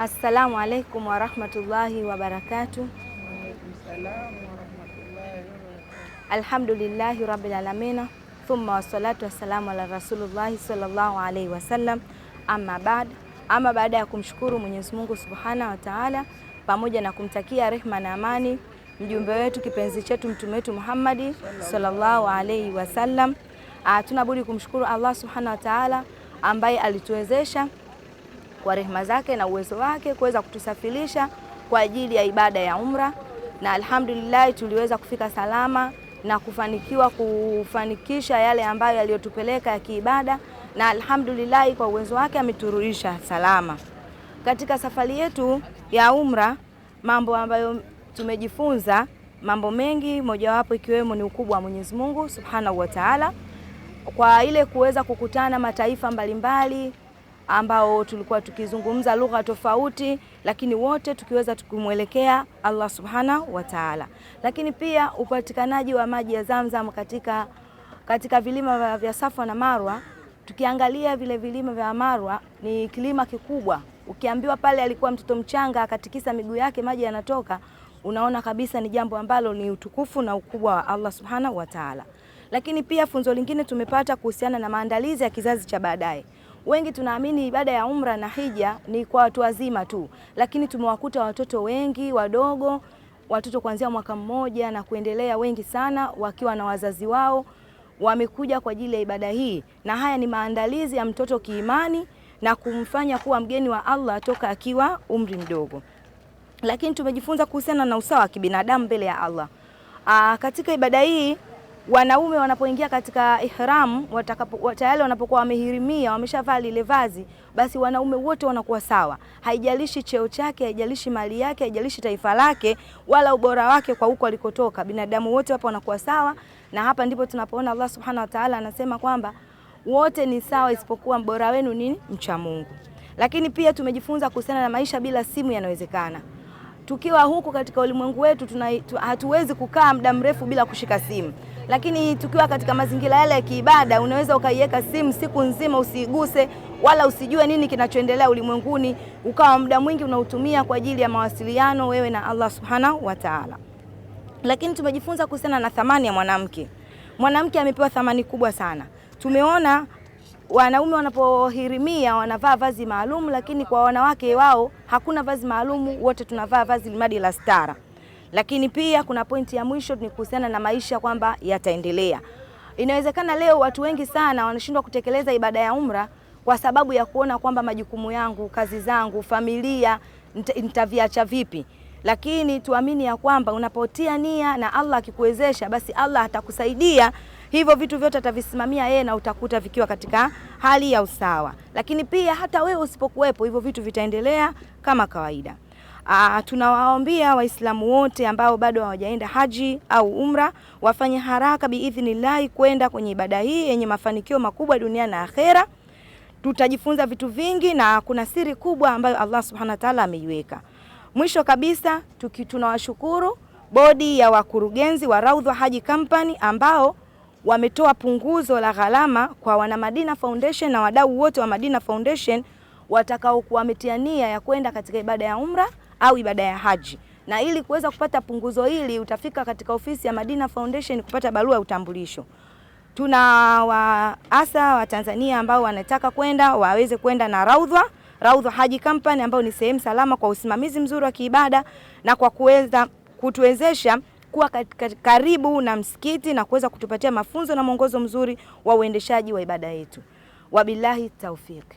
Assalamu alaikum warahmatullahi wabarakatu Alhamdulillahi rabbil alamina thumma wassalatu wassalamu ala rasulullahi sallallahu alaihi wasallam. Amma baad, ama baada ya kumshukuru Mwenyezi Mungu subhanahu wa taala pamoja na kumtakia rehma na amani mjumbe wetu kipenzi chetu mtume wetu Muhammadi sallallahu alaihi wasallam, ah, tunabudi kumshukuru Allah subhanahu wa taala ambaye alituwezesha kwa rehema zake na uwezo wake kuweza kutusafirisha kwa ajili ya ibada ya umra, na alhamdulillah tuliweza kufika salama na kufanikiwa kufanikisha yale ambayo yaliyotupeleka ya kiibada, na alhamdulillah kwa uwezo wake ameturudisha salama. Katika safari yetu ya umra, mambo ambayo tumejifunza mambo mengi, mojawapo ikiwemo ni ukubwa wa Mwenyezi Mungu Subhanahu wa Ta'ala, kwa ile kuweza kukutana mataifa mbalimbali ambao tulikuwa tukizungumza lugha tofauti, lakini wote tukiweza tukimwelekea Allah subhanahu wa taala. Lakini pia upatikanaji wa maji ya Zamzam katika, katika vilima vya Safa na Marwa. Tukiangalia vile vilima vya Marwa ni kilima kikubwa, ukiambiwa pale alikuwa mtoto mchanga akatikisa miguu yake maji yanatoka, unaona kabisa ni jambo ambalo ni utukufu na ukubwa wa Allah subhanahu wa taala. Lakini pia funzo lingine tumepata kuhusiana na maandalizi ya kizazi cha baadaye. Wengi tunaamini ibada ya umra na hija ni kwa watu wazima tu, lakini tumewakuta watoto wengi wadogo, watoto kuanzia mwaka mmoja na kuendelea, wengi sana wakiwa na wazazi wao wamekuja kwa ajili ya ibada hii, na haya ni maandalizi ya mtoto kiimani na kumfanya kuwa mgeni wa Allah toka akiwa umri mdogo. Lakini tumejifunza kuhusiana na usawa wa kibinadamu mbele ya Allah. Aa, katika ibada hii wanaume wanapoingia katika ihram watakapo tayari wanapokuwa wamehirimia wameshavaa lile vazi, basi wanaume wote wanakuwa sawa, haijalishi cheo chake, haijalishi mali yake, haijalishi taifa lake wala ubora wake kwa huko alikotoka. Binadamu wote hapa wanakuwa sawa, na hapa ndipo tunapoona Allah subhanahu wa ta'ala anasema kwamba wote ni sawa, isipokuwa mbora wenu nini? Mcha Mungu. Lakini pia tumejifunza kuhusiana na maisha bila simu yanawezekana. Tukiwa huku katika ulimwengu wetu tuna, hatuwezi kukaa muda mrefu bila kushika simu. Lakini tukiwa katika mazingira yale ya kiibada, unaweza ukaiweka simu siku nzima usiiguse wala usijue nini kinachoendelea ulimwenguni, ukawa muda mwingi unautumia kwa ajili ya mawasiliano wewe na Allah subhanahu wa taala. Lakini tumejifunza kuhusiana na thamani ya mwanamke. Mwanamke amepewa thamani kubwa sana. Tumeona wanaume wanapohirimia wanavaa vazi maalum, lakini kwa wanawake wao hakuna vazi maalum, wote tunavaa vazi limadi la stara. Lakini pia kuna pointi ya mwisho ni kuhusiana na maisha kwamba yataendelea. Inawezekana leo watu wengi sana wanashindwa kutekeleza ibada ya umra kwa sababu ya kuona kwamba majukumu yangu, kazi zangu, familia nitaviacha vipi? Lakini tuamini ya kwamba unapotia nia na Allah akikuwezesha, basi Allah atakusaidia hivyo vitu vyote atavisimamia yeye na utakuta vikiwa katika hali ya usawa. Lakini pia hata wewe usipokuwepo, hivyo vitu vitaendelea kama kawaida. Aa, ah, tunawaambia Waislamu wote ambao bado hawajaenda haji au umra wafanye haraka biidhnillahi kwenda kwenye ibada hii yenye mafanikio makubwa dunia na akhera. Tutajifunza vitu vingi na kuna siri kubwa ambayo Allah subhanahu wa taala ameiweka. Mwisho kabisa, tunawashukuru bodi ya wakurugenzi wa Raudha Haji Company ambao wametoa punguzo la gharama kwa wana Madina Foundation na wadau wote wa Madina Foundation watakaokuwa wametia nia ya kwenda katika ibada ya umra au ibada ya haji na ili kuweza kupata punguzo hili utafika katika ofisi ya Madina Foundation kupata barua ya utambulisho. Tuna waasa wa Tanzania ambao wanataka kwenda waweze kwenda na raudhwa Raudha Haji Company ambayo ni sehemu salama kwa usimamizi mzuri wa kiibada na kwa kuweza kutuwezesha kuwa karibu na msikiti na kuweza kutupatia mafunzo na mwongozo mzuri wa uendeshaji wa ibada yetu. Wabillahi taufiki.